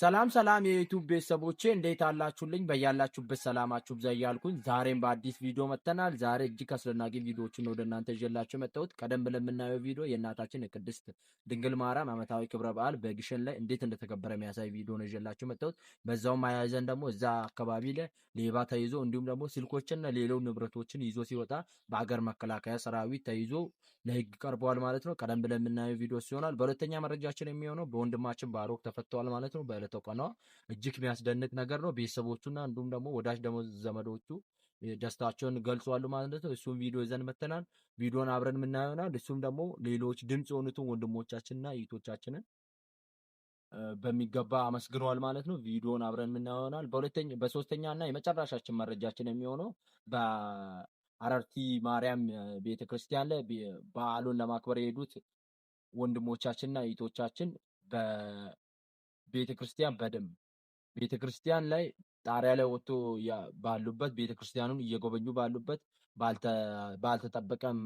ሰላም ሰላም የዩቱብ ቤተሰቦቼ እንዴት አላችሁልኝ? በያላችሁበት ሰላማችሁ ብዛ እያልኩኝ ዛሬም በአዲስ ቪዲዮ መጥተናል። ዛሬ እጅግ አስደናቂ ቪዲዮዎችን ወደ እናንተ ይዤላችሁ መጣሁት። ቀደም ብለን የምናየው ቪዲዮ የእናታችን የቅድስት ድንግል ማርያም ዓመታዊ ክብረ በዓል በግሸን ላይ እንዴት እንደተከበረ የሚያሳይ ቪዲዮ ነው ይዤላችሁ መጣሁት። በዛውም አያይዘን ደግሞ እዛ አካባቢ ላይ ሌባ ተይዞ እንዲሁም ደግሞ ስልኮችና ሌሎች ንብረቶችን ይዞ ሲወጣ በአገር መከላከያ ሰራዊት ተይዞ ለህግ ቀርበዋል ማለት ነው። ቀደም ብለን የምናየው ቪዲዮ ሲሆናል። በሁለተኛ መረጃችን የሚሆነው በወንድማችን ባሮክ ተፈተዋል ማለት ነው። ስለተቀና እጅግ የሚያስደንቅ ነገር ነው። ቤተሰቦቹና እንዲሁም ደግሞ ወዳጅ ደግሞ ዘመዶቹ ደስታቸውን ገልጸዋሉ ማለት ነው። እሱም ቪዲዮ ይዘን መተናል። ቪዲዮን አብረን የምናየው እሱም ደግሞ ሌሎች ድምፅ የሆኑትን ወንድሞቻችንና እህቶቻችንን በሚገባ አመስግነዋል ማለት ነው። ቪዲዮን አብረን የምናየው ይሆናል። በሶስተኛ እና የመጨረሻችን መረጃችን የሚሆነው በአረርቲ ማርያም ቤተክርስቲያን ላይ በዓሉን ለማክበር የሄዱት ወንድሞቻችንና እህቶቻችን ቤተ ክርስቲያን በደንብ ቤተ ክርስቲያን ላይ ጣሪያ ላይ ወጥቶ ባሉበት ቤተ እየጎበኙ ባሉበት ባልተጠበቀም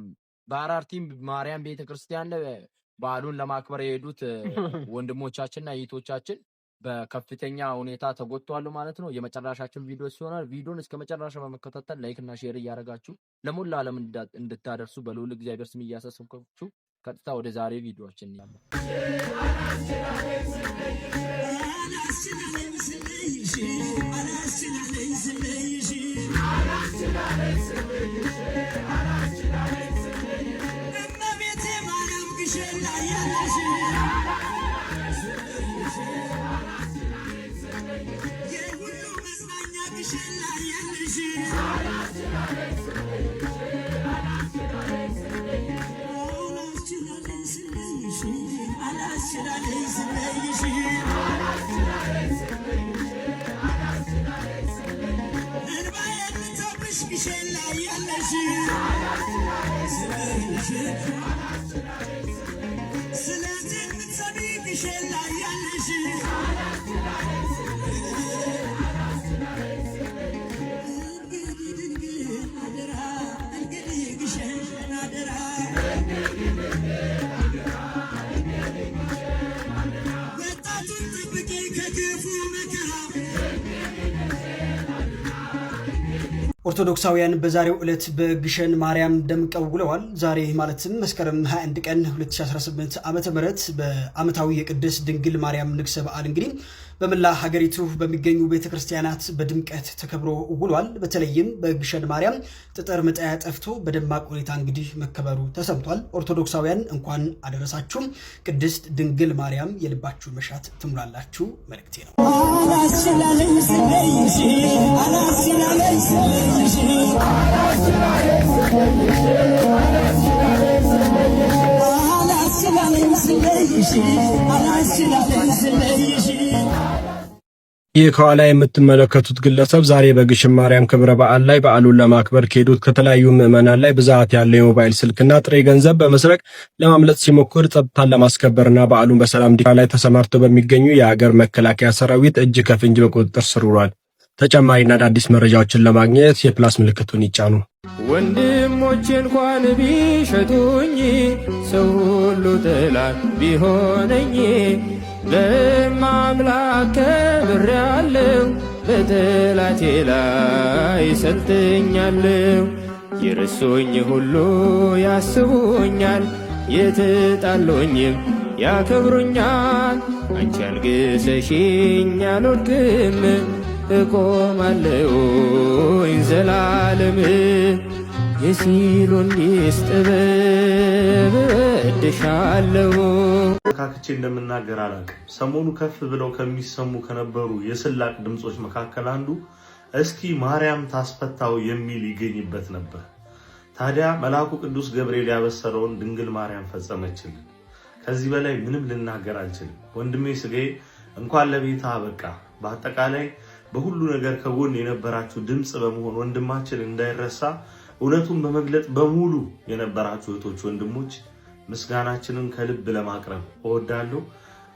በአራርቲም ማርያም ቤተ ክርስቲያን ላይ በዓሉን ለማክበር የሄዱት ወንድሞቻችንና እህቶቻችን በከፍተኛ ሁኔታ ተጎድተዋል ማለት ነው። የመጨረሻችን ቪዲዮ ሲሆናል። ቪዲዮን እስከ መጨረሻ በመከታተል ላይክ እና ሼር እያደረጋችሁ ለሞላ ዓለም እንድታደርሱ በልዑል እግዚአብሔር ስም እያሳሰብኳችሁ ቀጥታ ወደ ዛሬ ቪዲዮዎች እንያለን። በመሽግሽን ላይ ያለሽ ስለዚህ ምትሰሚ ግሽን ላይ ያለሽ እንግዲህ ግሽን ኦርቶዶክሳውያን በዛሬው ዕለት በግሸን ማርያም ደምቀው ውለዋል። ዛሬ ማለትም መስከረም 21 ቀን 2018 ዓ ም በዓመታዊ የቅድስት ድንግል ማርያም ንግሰ በዓል እንግዲህ በመላ ሀገሪቱ በሚገኙ ቤተክርስቲያናት በድምቀት ተከብሮ ውሏል። በተለይም በግሸን ማርያም ጥጥር መጣያ ጠፍቶ በደማቅ ሁኔታ እንግዲህ መከበሩ ተሰምቷል። ኦርቶዶክሳውያን እንኳን አደረሳችሁም። ቅድስት ድንግል ማርያም የልባችሁ መሻት ትሙላላችሁ መልእክቴ ነው። ይህ ከኋላ የምትመለከቱት ግለሰብ ዛሬ በግሽን ማርያም ክብረ በዓል ላይ በዓሉን ለማክበር ከሄዱት ከተለያዩ ምዕመናን ላይ ብዛት ያለው የሞባይል ስልክና ጥሬ ገንዘብ በመስረቅ ለማምለጥ ሲሞክር ጸጥታን ለማስከበርና በዓሉን በሰላም ዲካ ላይ ተሰማርተው በሚገኙ የአገር መከላከያ ሰራዊት እጅ ከፍንጅ በቁጥጥር ስር ውሏል። ተጨማሪና አዳዲስ መረጃዎችን ለማግኘት የፕላስ ምልክቱን ይጫኑ። ወንድሞች እንኳን ቢሸጡኝ ሰው ሁሉ ጥላት ቢሆነኝ በማምላክ ከብሬያለሁ፣ በጠላቴ ላይ ሰልጥኛለሁ። የረሱኝ ሁሉ ያስቡኛል፣ የተጣሉኝም ያከብሩኛል። አንቺ አንግሠሽኝ አልወድቅም፣ እቆማለሁ ዘላለም የሲሎን ሚስጥር እወድሻለሁ አስተካክቼ እንደምናገር አላውቅም። ሰሞኑ ከፍ ብለው ከሚሰሙ ከነበሩ የስላቅ ድምፆች መካከል አንዱ እስኪ ማርያም ታስፈታው የሚል ይገኝበት ነበር። ታዲያ መልአኩ ቅዱስ ገብርኤል ያበሰረውን ድንግል ማርያም ፈጸመችልን። ከዚህ በላይ ምንም ልናገር አልችልም። ወንድሜ ስጋዬ እንኳን ለቤታ አበቃ። በአጠቃላይ በሁሉ ነገር ከጎን የነበራችሁ ድምፅ በመሆን ወንድማችን እንዳይረሳ እውነቱን በመግለጥ በሙሉ የነበራችሁ እህቶች፣ ወንድሞች ምስጋናችንን ከልብ ለማቅረብ እወዳለሁ።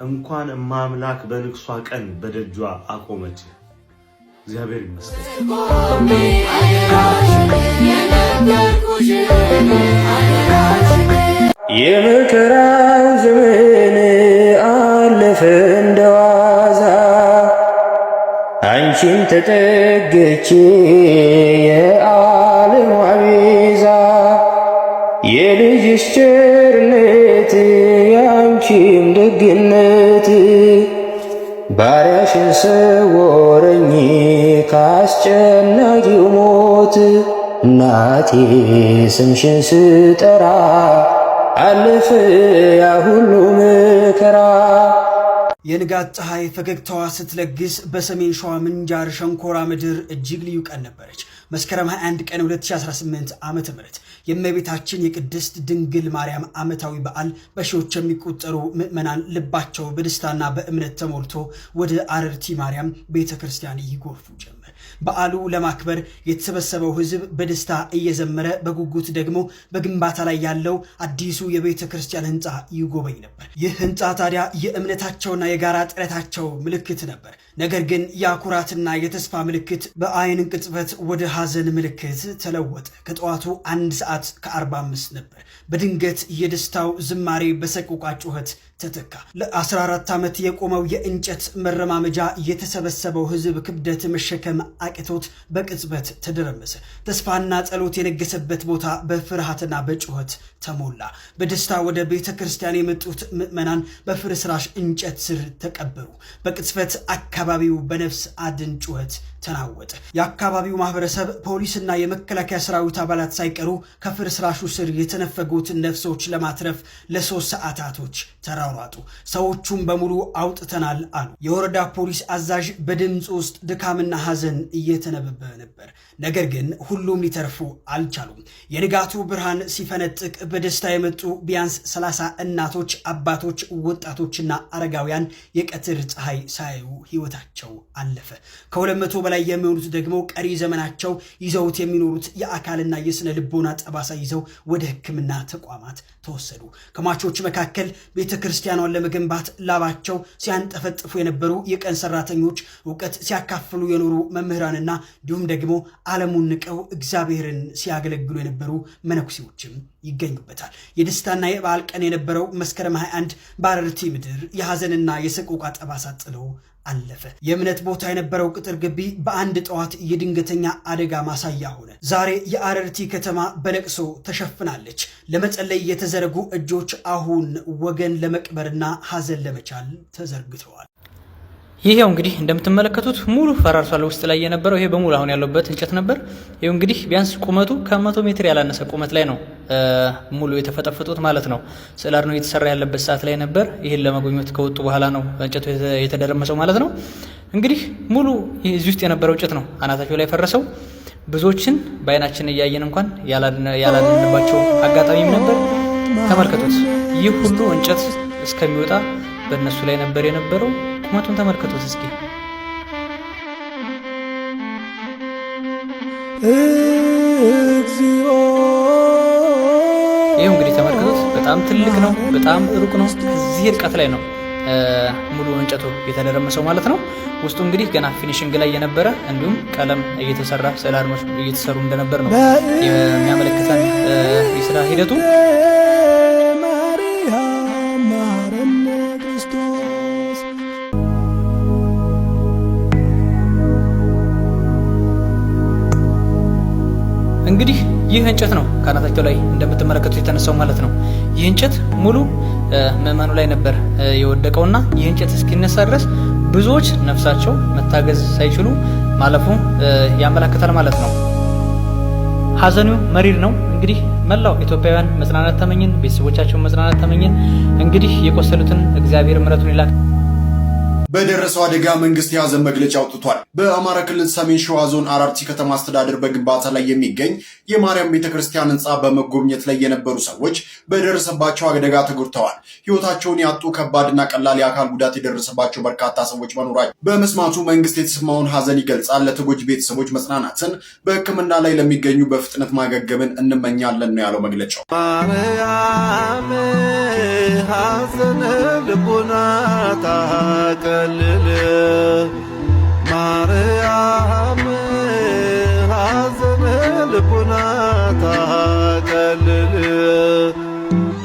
እንኳን እማምላክ በንግሷ ቀን በደጇ አቆመች። እግዚአብሔር ይመስገን። የመከራ ዘመን አለፈ እንደዋዛ አንቺን ተጠግቼ ስወረኝ ካስጨናቂው ሞት እናቴ ስምሽን ስጠራ አለፈ ያ ሁሉ መከራ የንጋት ፀሐይ ፈገግታዋ ስትለግስ በሰሜን ሸዋ ምንጃር ሸንኮራ ምድር እጅግ ልዩ ቀን ነበረች። መስከረም 21 ቀን 2018 ዓ ም የእመቤታችን የቅድስት ድንግል ማርያም ዓመታዊ በዓል በሺዎች የሚቆጠሩ ምዕመናን ልባቸው በደስታና በእምነት ተሞልቶ ወደ አረርቲ ማርያም ቤተ ክርስቲያን ይጎርፉ ጀመር። በዓሉ ለማክበር የተሰበሰበው ህዝብ በደስታ እየዘመረ በጉጉት ደግሞ በግንባታ ላይ ያለው አዲሱ የቤተ ክርስቲያን ህንፃ ይጎበኝ ነበር። ይህ ህንፃ ታዲያ የእምነታቸውና የጋራ ጥረታቸው ምልክት ነበር። ነገር ግን የአኩራትና የተስፋ ምልክት በአይን ቅጽበት ወደ ሐዘን ምልክት ተለወጠ። ከጠዋቱ አንድ ሰዓት ከ45 ነበር። በድንገት የደስታው ዝማሬ በሰቆቃ ጩኸት ተተካ። ለ14 ዓመት የቆመው የእንጨት መረማመጃ የተሰበሰበው ህዝብ ክብደት መሸከም አቅቶት በቅጽበት ተደረመሰ። ተስፋና ጸሎት የነገሰበት ቦታ በፍርሃትና በጩኸት ተሞላ። በደስታ ወደ ቤተ ክርስቲያን የመጡት ምዕመናን በፍርስራሽ እንጨት ስር ተቀበሩ። በቅጽበት አካባቢው በነፍስ አድን ጩኸት ተናወጠ። የአካባቢው ማህበረሰብ ፖሊስና የመከላከያ ሰራዊት አባላት ሳይቀሩ ከፍርስራሹ ስር የተነፈጉትን ነፍሶች ለማትረፍ ለሶስት ሰዓታቶች ተራው ተሯሯጡ። ሰዎቹም በሙሉ አውጥተናል አሉ። የወረዳ ፖሊስ አዛዥ በድምፅ ውስጥ ድካምና ሐዘን እየተነበበ ነበር። ነገር ግን ሁሉም ሊተርፉ አልቻሉም። የንጋቱ ብርሃን ሲፈነጥቅ በደስታ የመጡ ቢያንስ ሰላሳ እናቶች፣ አባቶች፣ ወጣቶችና አረጋውያን የቀትር ፀሐይ ሳያዩ ሕይወታቸው አለፈ። ከሁለት መቶ በላይ የሚሆኑት ደግሞ ቀሪ ዘመናቸው ይዘውት የሚኖሩት የአካልና የስነ ልቦና ጠባሳ ይዘው ወደ ሕክምና ተቋማት ተወሰዱ። ከሟቾቹ መካከል ቤተ ክርስቲያኗን ለመገንባት ላባቸው ሲያንጠፈጥፉ የነበሩ የቀን ሰራተኞች፣ እውቀት ሲያካፍሉ የኖሩ መምህራንና እንዲሁም ደግሞ ዓለሙን ንቀው እግዚአብሔርን ሲያገለግሉ የነበሩ መነኩሴዎችም ይገኙበታል። የደስታና የበዓል ቀን የነበረው መስከረም 21 በአረርቲ ምድር የሐዘንና የሰቆቃ ጠባሳ አለፈ። የእምነት ቦታ የነበረው ቅጥር ግቢ በአንድ ጠዋት የድንገተኛ አደጋ ማሳያ ሆነ። ዛሬ የአረርቲ ከተማ በለቅሶ ተሸፍናለች። ለመጸለይ የተዘረጉ እጆች አሁን ወገን ለመቅበርና ሐዘን ለመቻል ተዘርግተዋል። ይህ እንግዲህ እንደምትመለከቱት ሙሉ ፈራርሷል። ውስጥ ላይ የነበረው ይሄ በሙሉ አሁን ያለበት እንጨት ነበር። ይሄው እንግዲህ ቢያንስ ቁመቱ ከመቶ ሜትር ያላነሰ ቁመት ላይ ነው ሙሉ የተፈጠፈጡት ማለት ነው። ስዕላድ ነው እየተሰራ ያለበት ሰዓት ላይ ነበር። ይሄን ለመጎብኘት ከወጡ በኋላ ነው እንጨቱ የተደረመሰው ማለት ነው። እንግዲህ ሙሉ እዚህ ውስጥ የነበረው እንጨት ነው አናታቸው ላይ ፈረሰው። ብዙዎችን በአይናችን እያየን እንኳን ያላድንባቸው አጋጣሚም ነበር። ተመልከቱት። ይህ ሁሉ እንጨት እስከሚወጣ በእነሱ ላይ ነበር የነበረው። ቁመቱን ተመልከቱት እስኪ። ይህ እንግዲህ ተመልከቱት፣ በጣም ትልቅ ነው፣ በጣም ሩቅ ነው። እዚህ ርቀት ላይ ነው ሙሉ እንጨቱ የተደረመሰው ማለት ነው። ውስጡ እንግዲህ ገና ፊኒሽንግ ላይ የነበረ እንዲሁም ቀለም እየተሰራ ስለ አድማሽ እየተሰሩ እንደነበር ነው የሚያመለክተን የስራ ሂደቱ። ይህ እንጨት ነው ካናታቸው ላይ እንደምትመለከቱት የተነሳው ማለት ነው። ይህ እንጨት ሙሉ ምእመኑ ላይ ነበር የወደቀውና ይህ እንጨት እስኪነሳ ድረስ ብዙዎች ነፍሳቸው መታገዝ ሳይችሉ ማለፉ ያመላክታል ማለት ነው። ሀዘኑ መሪር ነው። እንግዲህ መላው ኢትዮጵያውያን መጽናናት ተመኝን፣ ቤተሰቦቻቸውን መጽናናት ተመኝን። እንግዲህ የቆሰሉትን እግዚአብሔር ምረቱን ይላክ። በደረሰው አደጋ መንግስት የሐዘን መግለጫ አውጥቷል። በአማራ ክልል ሰሜን ሸዋ ዞን አራርቲ ከተማ አስተዳደር በግንባታ ላይ የሚገኝ የማርያም ቤተክርስቲያን ህንፃ በመጎብኘት ላይ የነበሩ ሰዎች በደረሰባቸው አደጋ ተጎድተዋል። ህይወታቸውን ያጡ ከባድና ቀላል የአካል ጉዳት የደረሰባቸው በርካታ ሰዎች መኖራቸው በመስማቱ መንግስት የተሰማውን ሐዘን ይገልጻል። ለተጎጂ ቤተሰቦች መጽናናትን፣ በህክምና ላይ ለሚገኙ በፍጥነት ማገገምን እንመኛለን ነው ያለው መግለጫው። አቀልል ማርያም ሐዘን ልቡና ታቀልል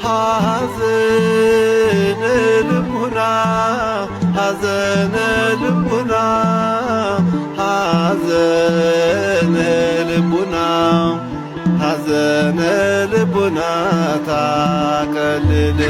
ሐዘን ልቡና ሐዘን ልቡና ሐዘን ልቡና ሐዘን ልቡና ታቀልል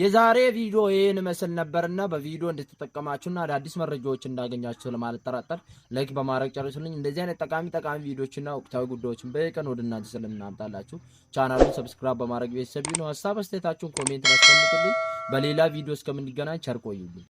የዛሬ ቪዲዮ ይህን መስል ነበርና በቪዲዮ እንድትጠቀማችሁና አዳዲስ መረጃዎች እንዳገኛችሁ ለማልጠራጠር ላይክ በማድረግ ጨርሱልኝ። እንደዚህ አይነት ጠቃሚ ጠቃሚ ቪዲዮችና ወቅታዊ ጉዳዮችን በየቀን ወደ እናንተ ስለምናምጣላችሁ ቻናሉን ሰብስክራይብ በማድረግ ቤተሰብ ሀሳብ አስተያየታችሁን ኮሜንት ማስቀምጡልኝ። በሌላ ቪዲዮ እስከምንገናኝ ቸር ቆዩልኝ።